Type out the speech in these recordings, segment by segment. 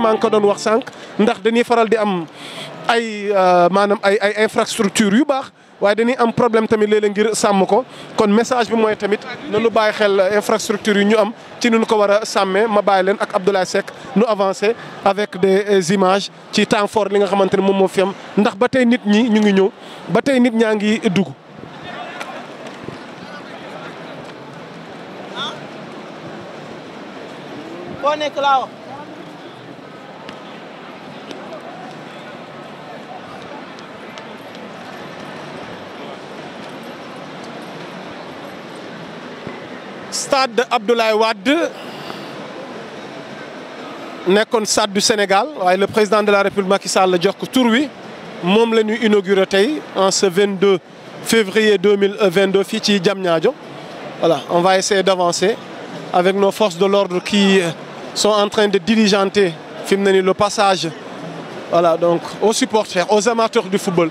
maa ngi ko doon wax sànq ndax dañuy faral di am ay euh, maanaam ay ay infrastructure yu baax waaye dañuy am problème tamit léeg ngir sàmm ko kon message bi mooy tamit na nañu bàyyi xel infrastructure yi ñu am ci nu ko war a sàmmee ma bàyyi leen ak Abdoulaye Seck nu avancé avec des images ci temps fort li nga xamante ne moom moo fi ndax ba tey nit ñi ñu ngi ñëw ba tey nit ñaa ngi dugg. stade Abdoulaye Wade nekkoon stade du Sénégal waaye le président de la République Macky Sall la jox ko tur wi moom la ñu inauguré tey en ce 22 février 2022 fii ci Diamniadio voilà on va essayer d'avancer avec nos forces de l'ordre qui sont en train de diligenter fi mu ne nii le passage voilà donc aux supporters aux amateurs du football.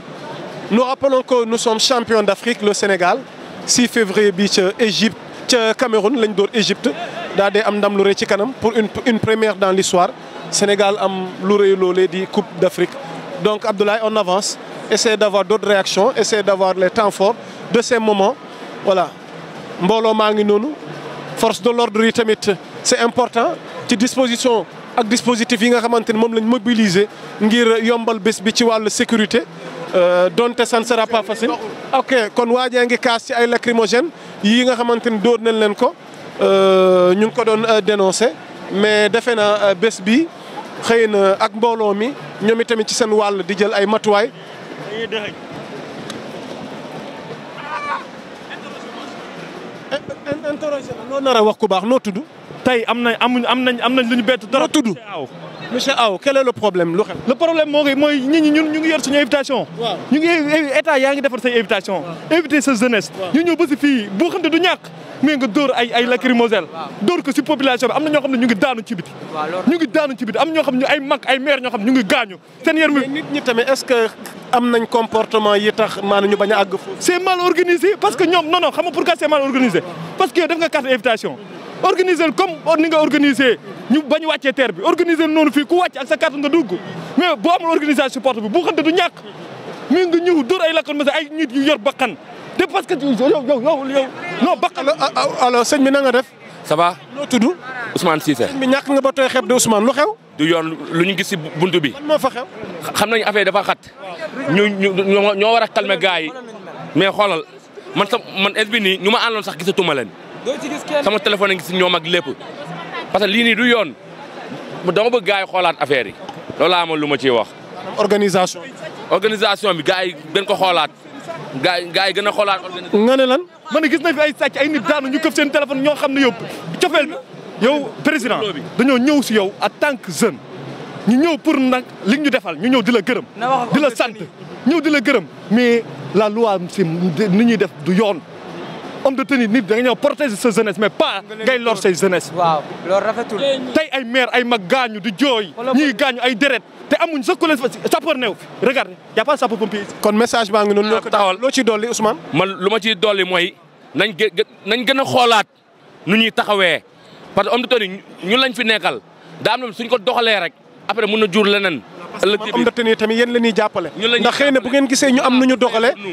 nous rappelons que nous sommes champions d'Afrique le Sénégal 6 février bi ca Égypte. ca Cameroun lañ dóor Égypte daa dee am ndam lu rëy ci kanam pour une une première dans l'histoire Sénégal am lu rëy loolee di Coupe d'Afrique donc Abdoulaye on avance essayer d'avoir d'autres réactions essayer d'avoir les temps forts de ces moment voilà mbooloo maa ngi noonu force de l'ordre yi tamit c'est important ci disposition ak dispositif yi nga xamante ni moom lañ mobiliser ngir yombal bés bi ci wàllu sécurité Euh, donte ça ne sera pas facile. ok kon waajee ngi kaas ci ay lacrymogène yii nga xamante ni dóor nañ leen ko euh, ñu ngi ko doon euh, dénoncé mais defe na bés bi xëy na ak mbooloo mi ñoom itamit ci seen wàll di jël ay matuwaay. interroger nar wax ku baax noo tudd. tey am nañ amuñ am nañ am nañ lu ñu bett dara. noo tudd monsieur Aw quel est le problème lu xew. le problème moo koy mooy nit ñi ñun ñu ngi yor suñu invitation. ñu ngi état yaa ngi defar say invitation. invité sa jeunesse. ñu ñëw ba fii boo du ñàkk. mais nga dóor ay ay lacrymogène dóor ko si population am na ñoo xam ne ñu ngi daanu ci biti ñu ngi daanu ci biti am ñoo xam ne ay mag ay maire ñoo xam ne ñu ngi gaañu seen yar mi nit ñi tamit est-ce que am nañ comportement yi tax maa ñu bañ a àgg mal organisé parce que ñoom non non xam nga pourquoi c'est mal organisé que yow def nga carte organiser comme ni nga organiser ñu bañ wàccee bi organiser noonu fii ku wàcc ak sa carte nga dugg mais boo amul organisation support bi bu xamante du ñàkk mi nga ñëw dóor ay lakkoon message ay nit yu yor bakkan te parce que yow yow yow yow non bakkan alors sëñ bi na nga def ça va tudd Ousmane Cissé sëñ bi ñàkk nga ba tooy xeeb de Ousmane lu yoon lu ñu gis si buntu bi moo fa xew xam nañ affaire dafa xat ñu ñoo war a calmer gars yi mais xoolal man sa man es bi nii ñu ma àndoon sax gisatuma leen sama téléphone ngi si ñoom ak lépp parce que lii nii du yoon dama bëgg gars yi xoolaat affaire yi loolu laa amoon lu ma ciy wax. organisation. organisation bi gars yi gën ko xoolaat. gaay gaay gën a xoolaat organisation. nga ne lan man gis na fi ay sàcc ay nit daanu ñu këf seen téléphone ñoo xam ne yóbbu cofeel bi yow président dañoo ñëw si yow en tant que jeune. ñu ñëw pour nag li ñu defal ñu ñëw di la gërëm. di la sant ñëw di la gërëm. mais la loi si ni ñuy def du yoon. homme de tenue nit da nga ñëw protéger sa jeunesse mais pas ngay lor say jeunesse. waaw loolu rafetul. tey ay maire ay mag gaañu di jooy. ñii gaañu ay deret te amuñ sa collège sapeur néew fi regarde y' a pas sapeur pompier. kon message baa ngi noonu. loo ko ah, taxawal loo ciy dolli Ousmane. man lu ma ciy dolli mooy nañ gë nañ gën a xoolaat nu ñuy taxawee parce que homme de tenue ñun lañ fi nekkal daa am na suñ ko doxalee rek après mun na jur leneen. ëllëg ci biir am na tamit yéen la ñuy jàppale ndax xëy na bu ngeen gisee ñu am nu ñu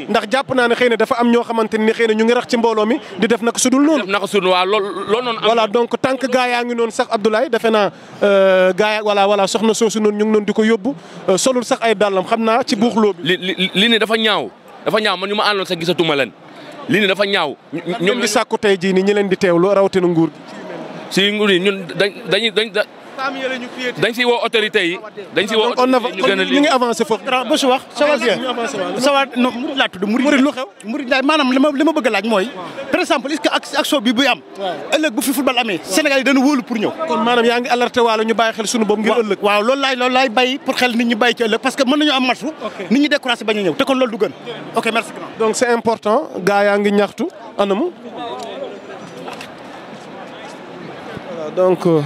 ndax jàpp naa ne xëy na dafa am ñoo xamante ni xëy na ñu ngi rax ci mbooloo mi di def naka sudul noonu voilà donc tant que gaa yaa ngi noonu sax Abdoulaye defe naa euh, gaa yaa voilà voilà soxna soosu noonu ñu ngi noonu di ko yóbbu euh, solul sax ay dàllam xam naa ci buuxloo bi li ni dafa ñaaw dafa ma man ñu ma àndoon sax gisatuma leen lii nii dafa ñaaw. ñoom di sàkku tey jii nii ñi leen di teewlu rawatina nguur gi. si nguur yi ñun dañuy dañ dañ si woo autorité yi dañ si woo autorité yi ñu gën a li ngi avancé foofu ba si wax sawa murid laa tudd murid lu xew murid laa maanaam li ma li ma bëgg a laaj mooy par exemple est-ce que action bi buy am ëllëg bu fi football amee Sénégal yi dana wóolu pour ñëw kon maanaam yaa ngi alerté waalo ñu bàyyi xel suñu bopp ngir ëllëg waaw loolu laay loolu laay bàyyi pour xel nit ñi bàyyi ci ëllëg parce que mën nañu am match nit ñi découragé bañ a ñëw te kon loolu du gën ok merci donc c'est important gaa yaa ngi ñaxtu anamu donc euh,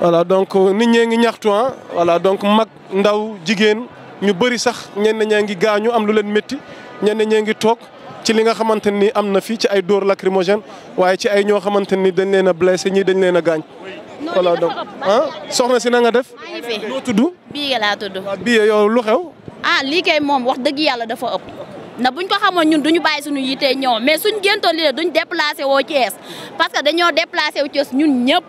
voilà donc euh, nit ñee ngi ñaxtu ah voilà donc mag ndaw jigéen ñu bëri sax ñenn ñaa ngi gaañu am lu leen métti ñenn ñee ngi toog ci li nga xamante ni am na fii ci ay door lacrymogène waaye ci ay ñoo xamante ni dañ leen a blessé ñii dañ leen a gaañ. voilà donc ah soxna si na nga def. noo tudd. bii laa tudd. yow lu xew. ah lii kay moom wax dëgg yàlla dafa ëpp. na buñ ko xamoon ñun duñu bàyyi suñu yitee ñëw mais suñ géntoon li duñ déplacé woo Thiès parce que dañoo déplacé wu Thiès ñun ñëpp.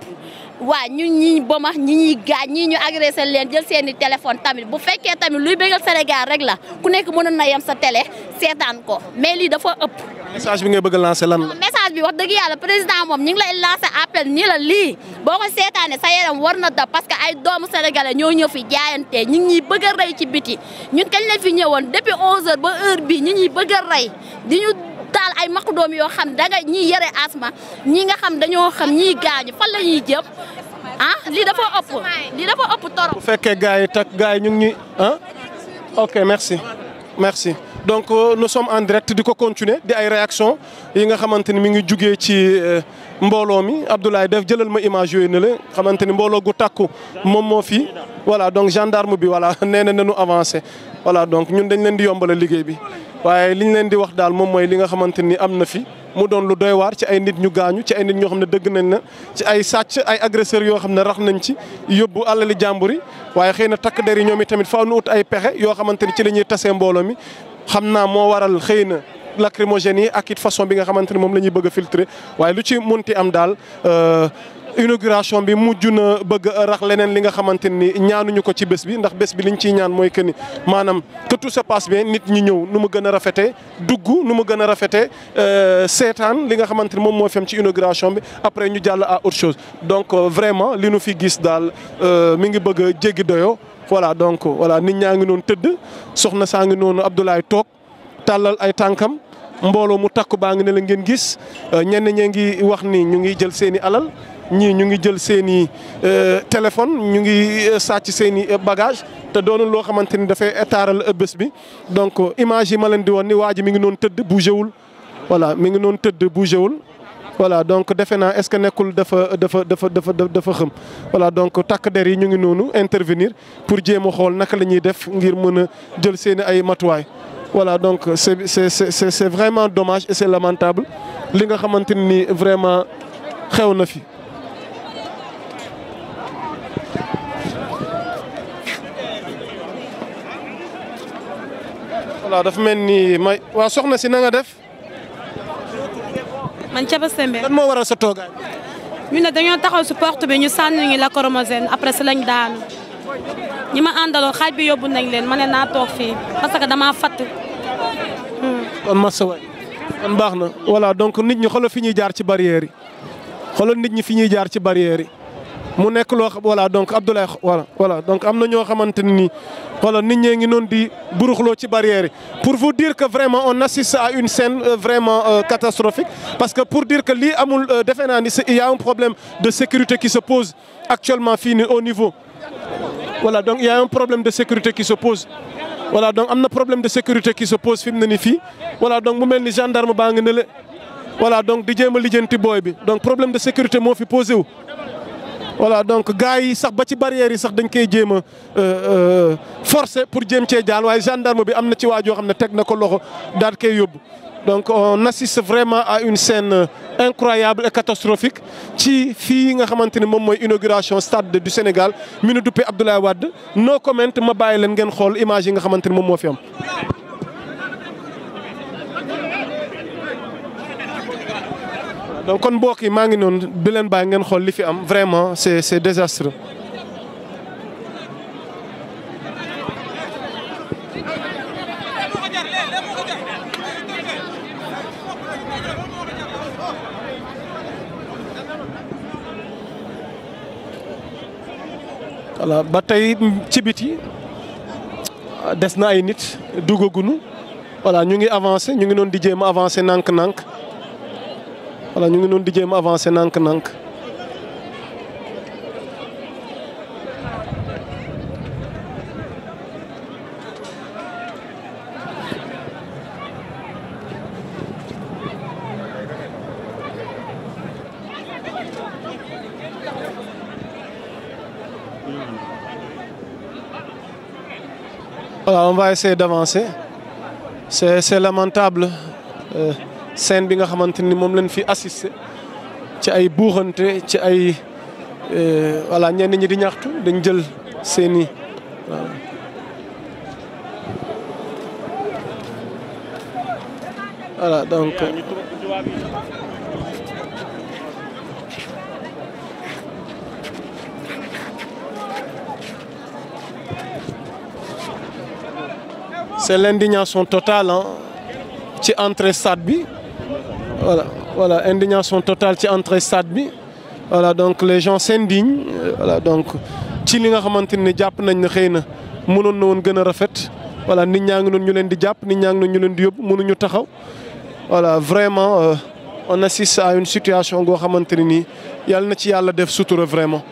waa ñun ñi boma ñi ñuy gaañ ñii ñu agressé leen jël seen i téléphone tamit bu fekkee tamit luy bégal Sénégal rek la ku nekk mën na yem sa télé seetaan ko mais lii dafa ëpp. message bi ngay bëgg a lancé lan la. message bi wax dëgg yàlla président moom ñi ngi lay lancé appel nii la lii boo ko seetaanee sa war na dab parce que ay doom sénégalais ñoo ñëw fi jaayante ñu ngi ñuy bëgg a rey ci biti ñun kañ la fi ñëwoon depuis 11h ba heure bii ñi ngi ñuy bëgg a rey di ñu. taal ay maqu doom yoo xam danga ñii yore asma ñi nga xam dañoo xam ñii gaañu fan la jëm ah lii dafa ëpp lii dafa ëpp torop bu fekkee gars yi tak gars yi ñu ngi ah ok merci merci donc euh, nous some en direct di ko continuer di ay réaction yi nga xamante ni mi ngi jugee ci euh, mbooloo mi Abdoulaye def jëlal ma image yooyu ne la xamante ni mbooloo gu takku moom moo fi voilà donc gendarme bi voilà nee na nañu avancer voilà donc ñun dañ leen di yombala liggéey bi waaye ñu leen di wax daal moom mooy li nga xamante ni am na fi mu doon lu doy waar ci ay nit ñu gaañu ci ay nit ñoo xam ne dëgg nañ na ci ay sàcc ay agresseurs yoo xam ne rax nañ ci yóbbu alali jàmbur yi waaye xëy na takk der yi ñoom itamit faaw nu ut ay pexe yoo xamante ni ci lañuy ñuy tasee mbooloo mi xam naa moo waral xëy na lacrymogènes yi ak it façon bi nga xamante ni moom lañuy ñuy bëgg filtrer waaye lu ci ti am daal euh, inauguration bi mujj na bëgg rax leneen li nga xamante ni ñaanuñu ko ci bés bi ndax bés bi liñ ciy ñaan mooy que ni maanaam que tout se passe nit ñi ñëw nu ma gën a rafetee dugg nu ma gën a rafetee euh, seetaan li nga xamante ni moom moo fi ci inauguration bi après ñu jàll à autre chose donc euh, vraiment li nu fi gis daal euh, mi ngi bëgg a jéggi doyo voilà donc voilà nit ñaa ngi noonu tëdd soxna saa ngi noonu Abdoulaye toog tàllal ay tànkam. mbooloo mu takk baa ngi ne la ngeen gis ñenn ñee ngi wax ni ñu ngi jël seeni alal ñii ñu ngi jël seen i euh, téléphone ñu ngi euh, sàcc seen i euh, bagage te doonul loo xamante ni dafay taaral bés bi donc image yi ma leen di woon ni waa ji mi ngi noonu tëdd bougéwul voilà mi ngi noonu tëdd bougéwul voilà donc defe naa est-ce que nekkul dafa dafa dafa dafa dafa xëm voilà donc takk der yi ñu ngi noonu intervenir pour jéem a xool naka la ñuy def ngir mën a jël seen ay matuwaay. voilà donc c'est c'est c'est vraiment domage et c'est lamentable li nga xamante ni vraiment xew na fi. allah dafa mel nii may waa soxna si na def. man Thiaba Sembène. lan moo waral sa toogaay. ñu ne dañoo taxaw si porte bi ñu sànni ñu la lacrymogène après si lañ daanu ñi ma àndaloo xaaj bi yóbbu nañ leen ma ne naa toog fii parce que damaa fatt. Hmm. kon Massa kon baax na voilà donc nit ñi xoolal fi ñuy jaar ci barrière yi xoolal nit ñi fi ñuy jaar ci barrière yi. mu nekk loo xam voilà donc Abdoulaye voilà voilà donc am na ñoo xamante ne nii voilà nit ñee ngi noonu di buruxloo ci barrière pour vous dire que vraiment on assiste à une scène euh, vraiment euh, catastrophique parce que pour dire que lii amul euh, defe naa ni il y a un problème de sécurité qui se pose actuellement fii nii au niveau voilà donc il problème de sécurité qui se pose voilà donc am na problème de sécurité qui se pose fi mu ne nii fii voilà donc mu mel ni gendarme baa nga ne la voilà donc di jéem a lijjanti booy bi donc problème de sécurité moo fi posé voilà donc gars yi sax ba ci barrière yi sax dañ koy jéem a euh, euh, forcer pour jéem cee jaal waaye gendarme bi am na ci waa joo xam ne teg na ko loxo daal koy yóbbu. donc on assiste vraiment à une scène euh, incroyable et catastrophique ci fii nga xamante ni moom mooy inauguration stade du Sénégal mi nu duppee Abdoulaye wadd no comment ma bàyyi leen ngeen xool image yi nga xamante ni moom moo fi am. donc euh, kon mbokk yi maa ngi noon di leen bàyyi ngeen xool li fi am vraiment c'est c'est désastreux. voilà ba tey ci biti des na ay nit dugagunu voilà ñu ngi avancé ñu ngi doon di jéem a avancé nànk-nànk. voilà ñu ngi noonu di jéem avancé nànk-nànk. Voilà, on va essayer d'avancer. C'est lamentable. Euh, scène bi nga xamante ni moom lañ fi assisté ci ay buuxante ci ay euh, voilà ñenn di ñaxtu dañ jël seeni waaw voilà donc. Euh, c'est l'indignation totale ci entrée stade bi. voilà voilà indignation totale ci entrée stade bi voilà donc les gens s'indignent voilà donc ci li nga xamante ne jàpp nañ ne xëy na mënoon na woon gën a rafet voilà nit ñaa ngi noonu ñu leen di jàpp nit ñaa ngi noonu ñu leen di mun mënuñu taxaw voilà vraiment euh, on assiste à une situation goo xamante ne nii yàlla na ci yàlla def sutura vraiment.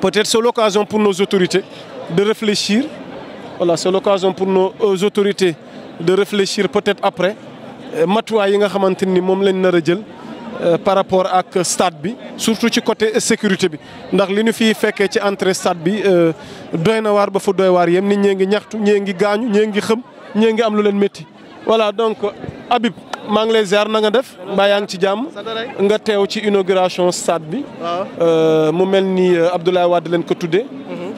peut-être c'est l'occasion pour nos autorités de réfléchir voilà c'est l'occasion pour nos euh, autorités de réfléchir peut-être après. Euh, matuwaay yi nga xamante ni moom lañ nar a jël euh, par rapport ak stade bi surtout ci côté sécurité bi ndax li nu fiy fekkee ci entrée stade bi euh, doy na waar ba fa doy waar yem nit ñee ngi ñaxtu ñee ngi gaañu ñee ngi xëm ñee ngi am lu leen métti voilà donc Habib maa ngi lay ziar na nga def mbaa yaa ngi ci jàmm nga teew ci inauguration stade bi mu mel ni Abdoulaye Wade leen ko tuddee mhm.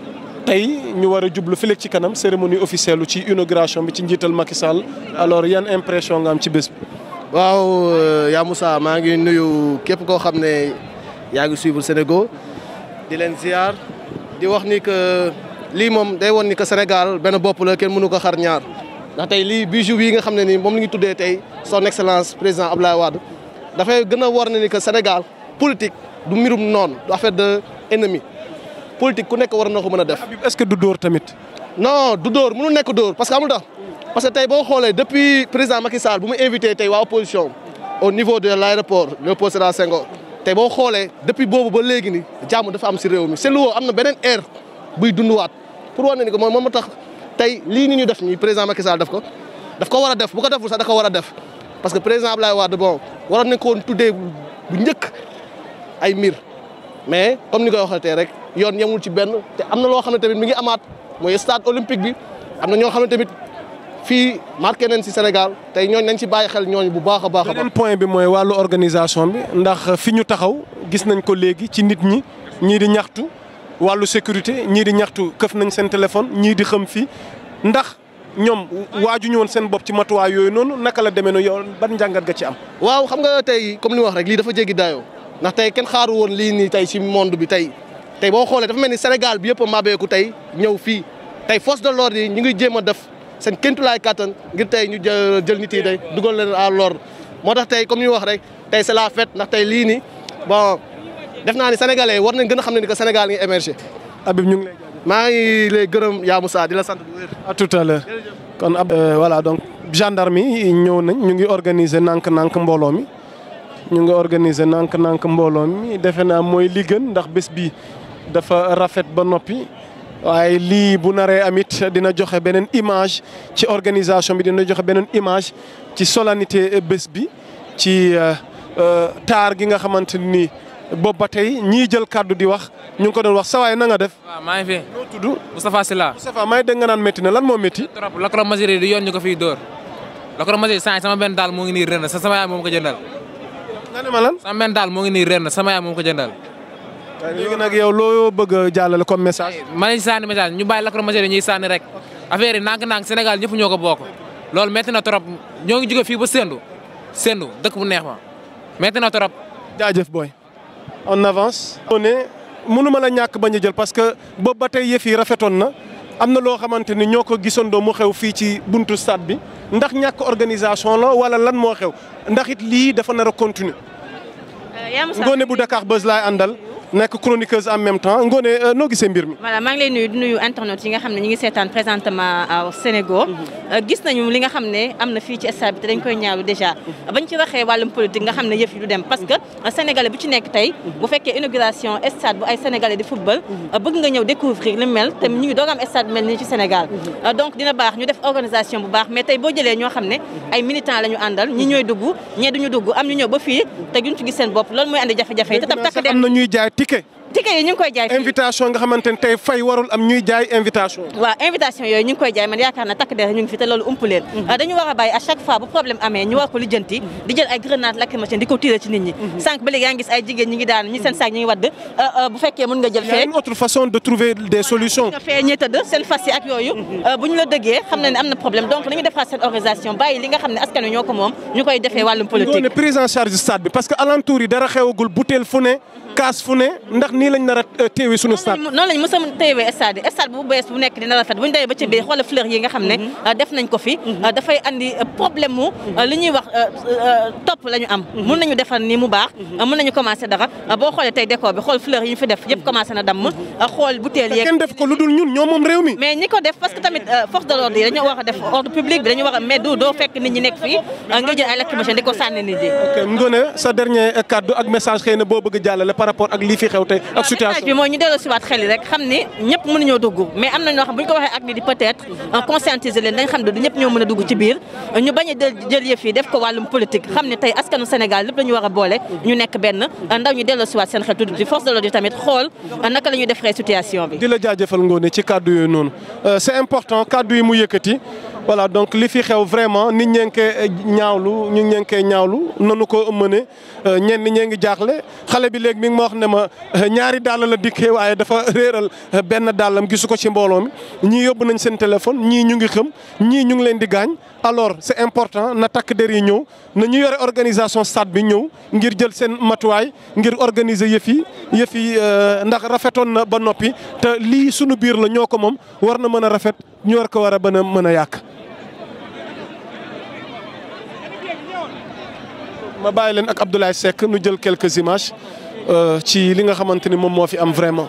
tey ñu war a jublu fileeg ci kanam cérémonie officielle lu ci inauguration bi ci njiital Macky Sall alors yan impression nga ci bés bi. waaw euh, yaa Moussa maa ngi nuyu képp koo xam ne yaa ngi suivre Sénégal di leen ziar di wax ni que lii moom day woon ni que Sénégal benn bopp la kenn mënu ko xar ñaar ndax tey lii bijou yi nga xam ne ni moom la ngi tuddee tey son excellence président Abdoulaye Wade dafay gën a war na ni que Sénégal politique du mbirum noonu du affaire de ennemi. politique ku nekk war na ko mën a def. est-ce que du dóor tamit. non du dóor mënul nekk dóor parce que amul tax parce que tey boo xoolee depuis président Macky Sall bu mu invité tey waa opposition au niveau de l'aéroport Léopold Sédar Senghor tey boo xoolee depuis boobu ba léegi ni jàmm dafa am si réew mi seetlu woo am na beneen air buy dunduwaat pour wane ni ko mooy moom moo tax tey lii ni ñu def nii président Macky Sall daf ko daf ko war a def bu ko deful sax da ko war a def parce que président Abdoulaye Wade bon waroon nañ ko woon tuddee bu njëkk ay mbir. mais comme ni koy waxatee rek yoon yemul ci benn te am na loo xam ne tamit mi ngi amaat mooy stade olympique bi am na ñoo xam ne tamit fii marqué nañ si Sénégal tey ñooñ nañ si bàyyi xel ñooñu bu baax a baax. beneen point bi mooy wàllu organisation ndax fi ñu taxaw gis nañ ko léegi ci nit ñi ñii di ñaxtu wàllu sécurité ñii di ñaxtu këf nañ seen téléphone ñii di xam fii ndax. ñoom ñu woon seen bopp ci matuwaay yooyu noonu naka la demee noonu yow ban njàngat nga ci am. waaw xam nga tey comme li wax rek lii dafa jéggi daayoo ndax tey kenn xaaru woon lii nii tey ci monde bi tey tey boo xoolee dafa mel ni Sénégal bi yëpp a mabeeku tey ñëw fii tey force de l'ordre yi ñu ngi jéem a def seen kéntulaay kattan ngir tey ñu jël nit yi tey dugal leen à l'ordre moo tax tey comme ñu wax rek tey c'est la ndax tey lii nii bon def naa ni sénégalais war nañ gën a xam ne ni que Sénégal ngi émerger. Habib ñu ngi lay maa ngi lay gërëm yaa Moussa di la sant bu wér. à tout à l'heure kon ab euh, voilà donc gendarme yi ñëw nañ ñu ngi organiser nank-nank mbooloo mi. ñu ngi organiser nànk-nànk mbooloo mi defe naa mooy li ndax bés bi dafa rafet ba noppi waaye lii bu naree amit dina joxe beneen image ci organisation bi dina joxe beneen image ci solennité bés bi ci euh, euh, taar gi nga xamante ni boobu ba tey ñii jël kàddu di wax ñu ngi ko doon wax sawaay na nga def. waaw maa ngi fi. noo tudd Moustapha naan métti na lan moo métti. trop lacrymogène yi du yoon ñu ko door dóor lacrymogène yi sama benn daal moo ngi nii ren sa sama yaay moom ko jëndal. nga ma lan. sama benn daal moo ngi nii ren sama yaay moom ko jëndal. léegi nag yow loo bëgg a jàllale message. Eh, ma ne si sànni message ñu bàyyi lacrymogène ñuy sànni rek affaire yi nànk-nànk Sénégal ñëpp ñoo ko bokk loolu métti na trop ñoo gi jóge fii ba Sendou Sendou dëkk bu neex ma métti na trop. jaajëf booy on avance. ne mënu ma la ñàkk bañ a jël parce que boobu ba tey yëf yi rafetoon na am na loo xamante ni ñoo ko gisandoo mu xew fii ci buntu stade bi. ndax ñàkk organisation la wala lan moo xew ndax it lii dafa nar a continuer. Euh, ngoone bu Dakar Buzz laay àndal. nekk chroniqueuse en même temps Ngoné euh, noo gisee mbir mi. voilà maa ngi lay nuyu di yi nga xam ne ñu ngi seetaan présentement au euh, Sénégal. Mhm. Euh, gis nañu li nga xam ne am na fii ci stade bi te dañ koy ñaaru déjà. Mhm. bañ ci waxee wàllum politique nga xam ne yëf yi dem parce que sénégalais bu ci nekk tey. Mhm. bu fekkee inauguration stade bu ay sénégalais di football. bëgg nga ñëw découvrir li mel te ñu ngi doog am stade mel nii ci Sénégal. donc dina baax ñu def organisation bu baax mais tey boo jëlee ñoo xam ne ay militants la ñu àndal ñi ñooy dugg ñee duñu dugg am ñu ñëw ba fii te duñ ci gis seen bopp dikke ticket yi ñu ngi koy jaay invitation nga xamante ne tey fay warul am ñuy jaay invitation yooyu ñu ngi koy jaay man yaakaar na takk der ñu ngi fi te loolu ump leen mhm. ah, a chaque fois bu problème amee ñu war ko lijjanti di jël ay grenade lacrymogène di ko tirer ci nit ñi mhm. sànq ba yaa ngi ay jigéen ñi ngi daan ñi seen sac ñi ngi wadd ah, ah, bu fekkee mën nga jël fee nga mhm. xam ne am na problème donc dañuy defaat seen organisation bàyyi li nga nii lañ nar a euh, téewe suñu stade noonu lañ mos a téewe stade bu bees bu nekk dina rafet bu ñu demee ba ci biir xoola fleur yi nga xam ne mhm. euh, def nañ ko fi mhm. euh, dafay andi problème mu lu ñun ñoo moom réew mi mais ñi ko def parce tamit force de l'ordre yi dañoo war a def ordre public bi dañu war mais du doo fekk nit ñi nekk fii nga jël ay lacrymogène di ko sànni nit ñi ok sa dernier kaddu ak message xëy boo bëgg jàllale par rapport ak lii fi xew ak situation bi mooy ñu delloo si waat rek xam ne ñëpp mënuñoo dugg mais am na ñoo xam bu ñu ko waxee ak ni di peut être euh, conscientiser leen dañ xam ne du ñëpp ñoo mën a dugg ci biir ñu bañ a jël yëf yi def ko wàllum politique xam ne tey askanu Sénégal lépp la ñu a boole ñu nekk benn ndaw ñu delloo si seen xel tudd ci force de l'ordre tamit xool euh, naka la ñuy defaree situation bi di la jaajëfal Ngoné ci kàddu euh, yi mu yëkkati voilà donc li fi xew vraiment nit ñee ngi koy eh, ñaawlu ñu ñee ngi koy ñaawlu nanu ko mëne eh, ñenn ñee ngi jaaxle xale bi léegi mi ngi ma wax ne ma eh, ñaari dàll la dikkee waaye dafa réeral benn dàllam gisu ko ci mbooloo mi ñii yóbbu nañ seen téléphone ñii ñu ngi xam ñii ñu ngi leen di gaañ alors c'est important na takk der yi ñëw na ñu yore organisation stade bi ñëw ngir jël seen matuwaay ngir organiser yëf yi yëf ndax rafetoon na ba noppi te lii sunu biir la ñoo ko moom war na mën a rafet ñu ko war a mën a mën a yàq ma bàyyi leen ak Abdoulaye Seck nu jël quelques images euh, ci li nga xamante ni moom moo fi am vraiment.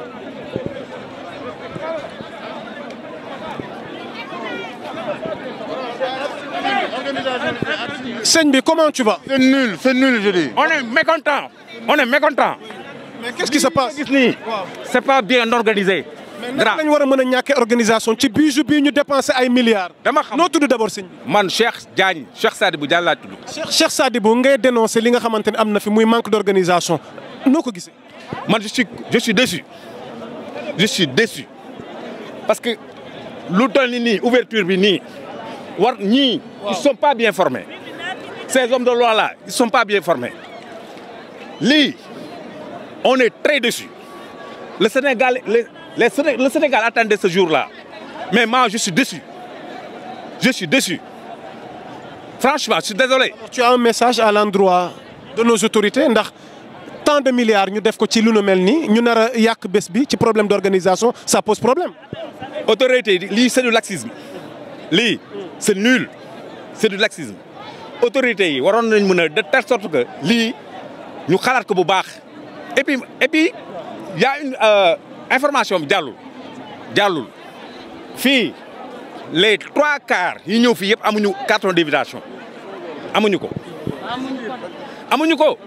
sëñ bi comment tu vas. c'est nul c'est nul je dis. on est mécontent on est mécontent. mais qu'est-ce qui se passe. gis nii c'est pas bien organisé. grand mais lañ war a mën a ñàkkee organisation ci bijou bii ñu dépensé ay milliards. dama xam noo tudd d' abord sëñ man Cheikh Diagne Cheikh Sadibou Diagne laa tudd. Cheikh Cheikh Sadibou ngay dénoncé li nga xamante ne am na fi muy manque d' organisation noo ko gisee. man je suis je suis déçu je suis parce que lu toll ni nii ouverture bi nii war ñii. ils sont pas bien formés. ces hommes de loi là ils sont pas bien formés lii on est très déçu le Sénégal Les Sénégal, le Sénégal attendait ce jour-là. Mais moi, je suis déçu. Je suis déçu. Franchement, je suis désolé. Alors, tu as un message à l'endroit de nos autorités ndax tant de milliards ñu def ko ci lu mel nii ñu nar a yàq bés bi ci problème d'organisation ça pose problème. autorité yi lii c'est du laxisme lii c'est nul c'est du laxisme autorité yi waroon nañ mën a de telle sorte que lii ñu xalaat ko bu baax information bi jàllul jàllul fii le trois quarts yi ñëw fii yëpp amuñu carton d'invitation amuñu ko. amuñu ko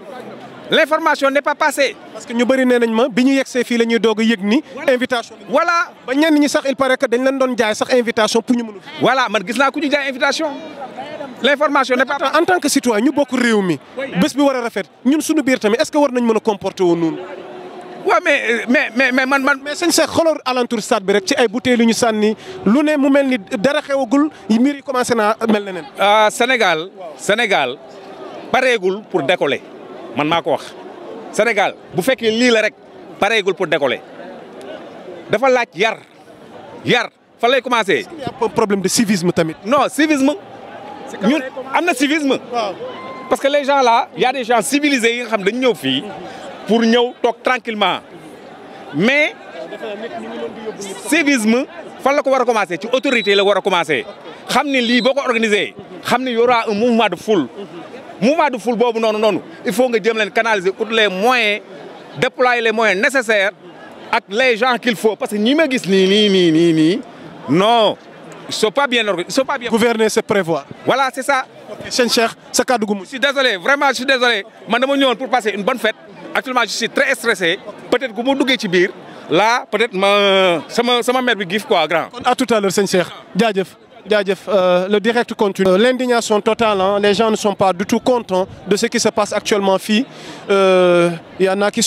l' information n' pas passée. ñu bëri nee nañ ma bi ñu yegsee fii la ñuy doog a yëg ni. invitation voilà ba ñenn ñi sax il paraît que dañ leen doon jaay sax invitation pour ñu mënul. voilà man gis naa ku ñu jaay invitation. l' information n' pas en tant que citoyen ñu bokk réew mi bés bi war a rafet ñun suñu biir tamit est ce que war nañ mën a comporter woon noonu. waaw mais mais mais man man. mais sëñ Cheikh xoolal alentour stade bi rek ci ay bouteilles lu ñu sànni lu ne mu mel ni dara xewagul mbir yi commencé naa mel neneen. Ah, Sénégal Sénégal pareegul pour décoller man maa ko wax Sénégal bu fekkee lii la rek pareegul pour décoller dafa laaj yar yar fa lay commencé. problème de civisme tamit. non civisme. ñun am na civisme. parce que les gens là y a des gens civilisés yi nga xam dañu ñëw fii. pour ñëw toog tranquillement mais civisme fan la ko war a commencé ci autorité la war a commencé xam ne lii boo ko organisé xam ne y aura un mouvement de foule mouvement de foule boobu noonu il faut nga jëm leen canaliser ut les moyens déployer les moyens nécessaires ak les gens qu'il faut parce que ñi ma gis nii nii nii nii nii non ils sont pas bien organisés ils sont pas bien. gouverner c'est prévoir. voilà c'est ça. ok sëñ sa kàddu gu mu. je suis désolé vraiment je désolé man dama ñëwoon actuellement je suis très stressé peut-être bu ma duggee ci biir là peut-être sama sama mère bi giif quoi grand. kon à tout à l'heure sëñ Cheikh jaajëf. jaajëf euh, le direct continue. Euh, l'indignation totale hein, les gens ne sont pas du tout contents de ce qui se passe actuellement fii il euh, y en a qui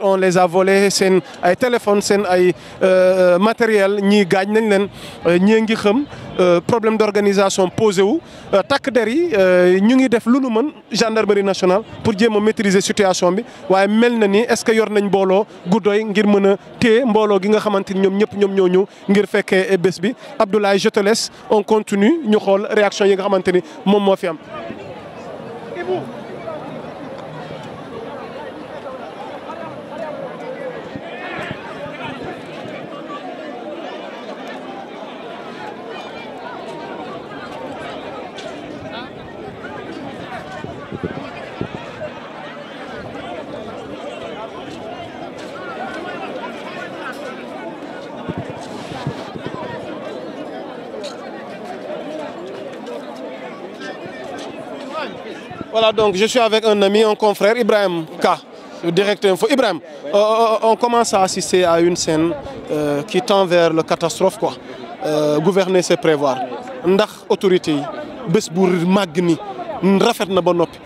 on les a seen ay téléphone seen ay matériel ñii gaañ nañ leen ñii ngi xam problème d'organisation posé wu. takk der yi ñu ngi def lu nu mën gendarmerie national pour jéem a situation bi waaye mel na ni est-ce que yor nañ mbooloo guddoy ngir mën a téye mbooloo gi nga xamante ni ñoom ñëpp ñoom ñoo ñëw ngir on continue ñu xool réaction yi nga xamante ni moom moo fi am. donc je suis avec un ami, un confrère, Ibrahim K, le directeur Info. Ibrahim, euh, euh on commence à assister à une scène euh, qui tend vers la catastrophe. Quoi. Euh, gouverner, c'est prévoir. Ndax autorité yi bés bu màgg ni rafet na ba noppi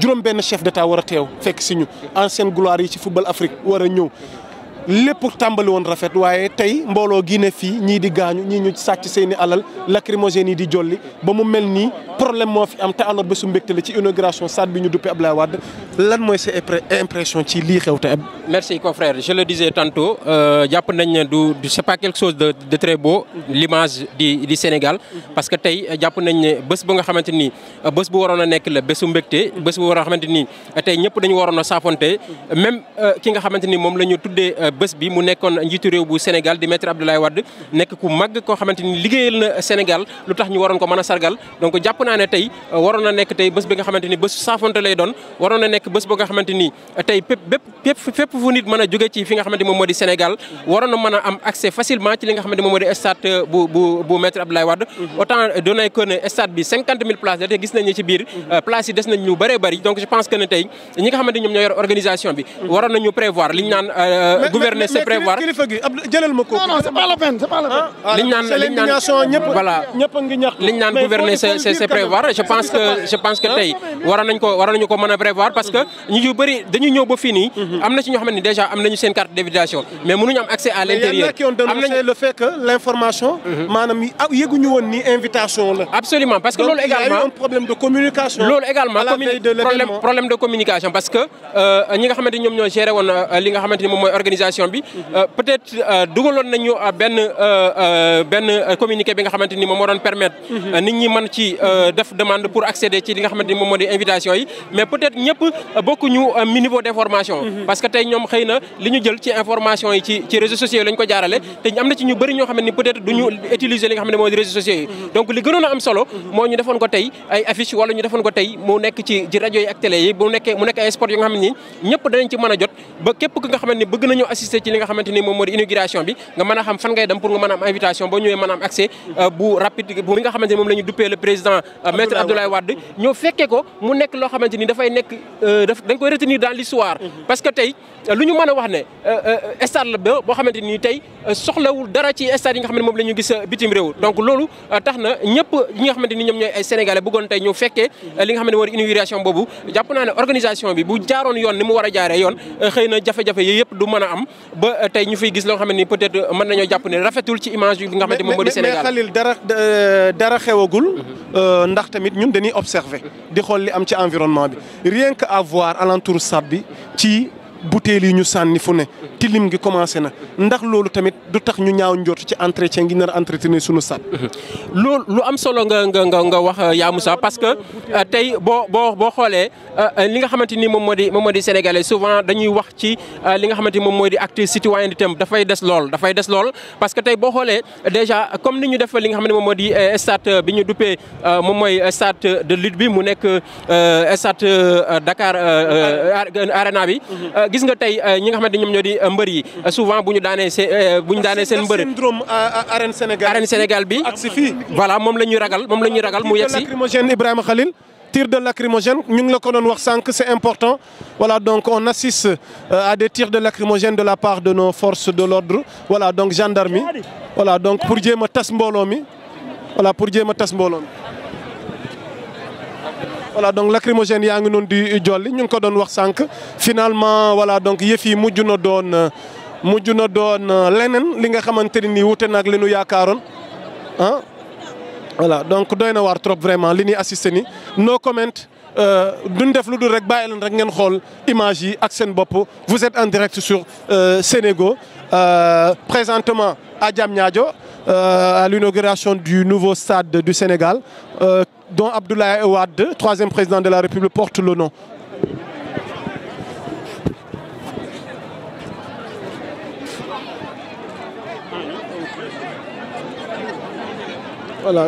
juróom benn chef d'état war a teew fekk si ñu ancienne gloire yi ci football Afrique war a ñëw lépp tàmbali woon rafet waaye tey mbooloo gi ne fii ñii di gaañu ñii ñu sàcc seeni alal lacrymogène yi di jolli ba mu mel nii problème moo fi am te alors bésu mbégte la ci inauguration stade bi ñu duppee Abdoulaye Wade lan mooy sa impression ci lii xew te ab. merci confrère je le disais tantôt euh, jàpp nañ ne du du c'est pas quelque chose de de très beau l'image di di Sénégal mm-hmm. parce que tey euh, jàpp nañ ne bés bu nga xamante ni euh, bés bu waroon a nekk la bésu mbégte mm-hmm. bés bu waroon xamante ni tey ñëpp dañu waroon a saafonte mm-hmm. même ki nga xamante ni moom la ñu tuddee bés bi mu nekkoon njiitu réew bu Sénégal di maître Abdoulaye Wade nekk ku mag koo xamante liggéeyal na Sénégal lu tax ñu waroon ko mën sargal donc jàpp naa ne tey euh, waroon bi nga xamante ni bés doon waroon na nekk bés ba nga xamante ni euh, tey bépp bépp fépp fu nit mën a nga xamante moom moo di Sénégal waroon na am accès facilement ci li nga xamante moom moo di stade euh, bu bu bu maître Abdoulaye Wade mhm. autant donné que stade bi cinquante mille gis nañu ci biir mhm. places yi des gouverner c'est prévoir kilifa prévoir je pense que tey waroon nañu ko mën prévoir parce que ñu yu bëri dañu ba fii mhm. am na ci ñoo xam déjà am nañu seen carte d'invitation mais mënuñu am accès à l'intérieur am nañu le fait que l'information mhm. maanaam ah, yëguñu woon ni invitation la absolument problème de communication loolu également problème de communication parce que euh, ñi nga xamante ñoom ñoo géré woon euh, li nga xamante ni organisation communication bi. Euh, peut-être euh, dugaloon nañu euh, benn benn communiqué bi nga xamante moom moo doon permettre. Mhm. nit ñi mën ci def demande pour accéder ci li nga xamante moom moo di invitation yi mais peut-être ñëpp bokkuñu mhm. ñu mhm. am solo moo ñu defoon ko tey ay affiches wala ñu defoon ko tey mu nekk ci ci yi ak yi bu nekkee sport yoo nga xam ne danañ ci mën a jot képp ki nga xam bëgg nañu assister ci li nga xamante moom moo di inauguration bi nga mën a xam fan ngay dem pour nga mën a am invitation boo ñëwee mën a am accès euh, bu rapide bu nga xamante moom la ñu le président euh, maître Abdoulaye Wade ñoo fekkee ko mu nekk loo xamante dafay nekk euh, dañ koy retenir dans l'histoire mhm. tey soxlawul dara ci stade yi nga xam moom la gis bitim réew donc loolu tax na ñëpp ñoom ñooy ay sénégalais tey ñëw fekkee li nga xam ne moo ba euh, tey ñu fay gis loo xam ne peut-être euh, mën nañoo jàpp ne rafetul ci image yi nga xam ne moom moo di Sénégal mais Khalil dara euh, dara xewagul. Mhm. ndax tamit ñun dañuy observer di xool li am ci environnement bi rien que à voir alentour stade bi ci. butéel yi ñu sànni fu ne tilim gi commencé na ndax loolu tamit du tax ñu ñaaw njort ci entretien gi nar a entretenir suñu sat lu am solo nga nga nga nga wax euh, yaa Moussa parce que euh, tey boo boo boo xoolee euh, li nga xamante ni moom moo di moom moo di sénégalais souvent dañuy wax ci li nga xamante moom mooy di acte citoyen di tam dafay des lool dafay des lool parce que tey boo xoolee déjà comme ni ñu def li nga xam ne moom moo di stade bi ñu duppee moom mooy stade de lutte bi mu nekk stade Dakar arena bi mhm. gis nga tey euh, ñi nga xamante ñoom ñoo di euh, mbër yi euh, souvent bu ñu daanee seen bu ñu seen mbër syndrome arène Sénégal arène Sénégal bi ak si fii voilà moom la ñuy ragal moom la ñuy ragal mu yegsi lacrymogène Ibrahima Khalil tir de lacrymogène ñu ngi la ko doon wax sànq c'est important voilà donc on assiste à des tirs de lacrymogène de la part de nos forces de l'ordre voilà donc gendarmerie voilà donc pour jéem a tas mbooloo mi voilà pour jéem a tas mbooloo mi voilà donc lacrymogène yaa ngi noonu di jolli ñu ngi ko doon wax sànq finalement voilà donc yëf yi mujj na doon mujj na doon leneen li nga xamante ni nii wute naag li nu yaakaaroon ah. voilà donc doy na waar trop vraiment li ñuy assisté ni no comment euh, duñ def lu dul rek bàyyi leen rek ngeen xool image yi ak seen bopp vous êtes en direct sur euh, Sénégo euh, présentement à Diamniadio à l'inauguration du nouveau stade du Sénégal donc dont Abdoulaye Ouad, troisième président de la République, porte le nom.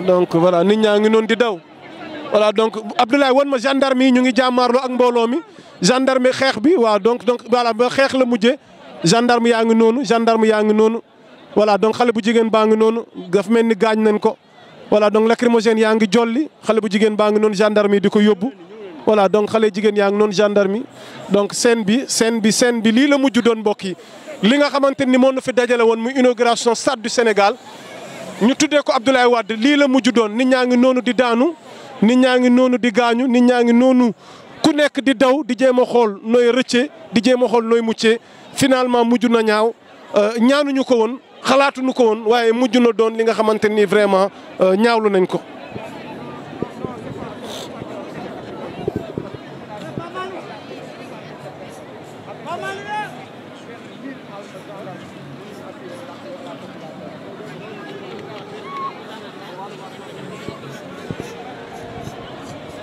donc voilà nit ñaa ngi noonu di daw voilà donc Abdoulaye wan ma gendarme yi ñu ngi jàmmaarloo ak mbooloo mi gendarme xeex bi waaw donc donc voilà ba xeex la mujjee gendarme yaa ngi noonu gendarme yaa ngi noonu voilà donc xale bu jigéen baa ngi noonu daf mel ni gaañ nañ ko. voilà donc lacrymogène yaa ngi jolli xale bu jigéen baa ngi noonu gendarme yi di ko yóbbu voilà donc xale jigéen yaa ngi noonu gendarme yi donc seen bi seen bi scène bi lii la mujj doon mbokk yi li nga xamante ni moo na fi dajale woon mu inauguration stade du Sénégal ñu tuddee ko Abdoulaye Wade lii la mujj doon nit ñaa ngi noonu di daanu nit ñaa ngi noonu di gaañu nit ñaa ngi noonu ku nekk di daw di jéem a xool nooy rëcce di jéem a xool nooy muccee finalement mujj na ñaaw euh, ñaanuñu ko woon xalaatuñu ko woon waaye mujj na doon li nga xamante ni vraiment euh, ñaawlu nañ ko.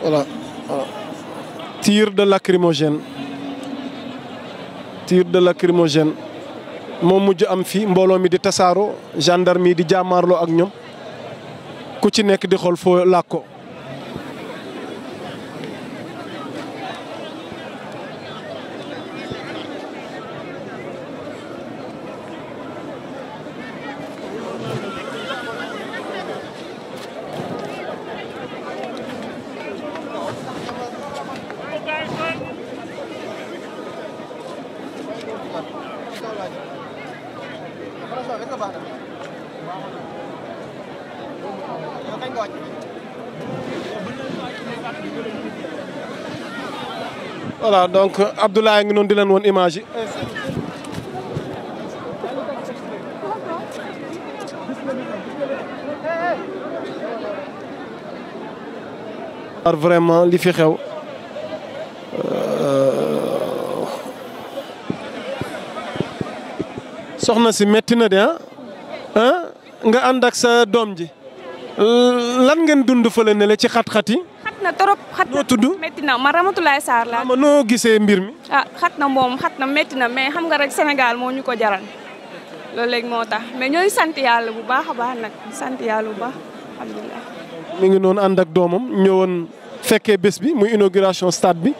voilà tir de lacrymogène tir de lacrymogène moo mujj am fi mbooloo mi di tasaaroo gendarme yi di jaamaarloo ak ñoom ku ci nekk di xool foo làkk voilà donc Abdoulaye ngi noon di leen woon image yi. vraiment li fi xew. Euh, soxna si metti na de ah nga ànd sa doom ji lan ngeen dund fële ne la ci xat-xat yi. xat xat na tudd métti na ma Ramatoulaye Sarr laa. ma noo gisee mbir mi. ah xat na moom xat na métti na mais xam nga rek Sénégal moo ñu ko jaral loolu léegi moo tax mais ñooy sant bu baax a baax nag sant yàlla bu baax mi ngi noonu ànd doomam ñëwoon fekkee bés bi muy inauguration stade bi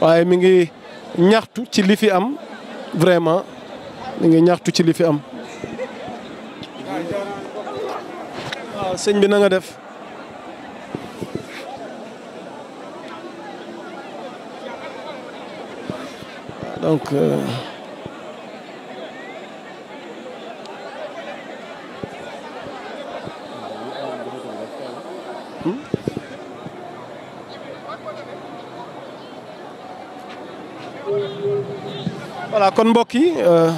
waaye mi ngi ñaxtu ci li fi am vraiment mi ngi ñaxtu ci li fi am. waaw ah, sëñ bi na def. donc euh, voilà kon mbokk yi euh,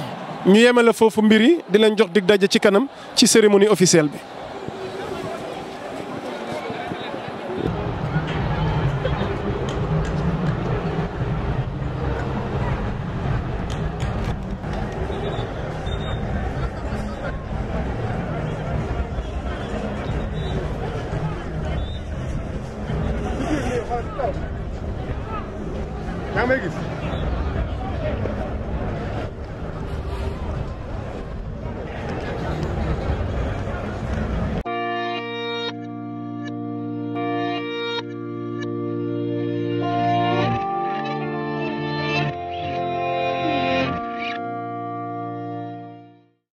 ñu yemale foofu mbir yi dinañ jox dig daje ci kanam ci cérémonie officielle bi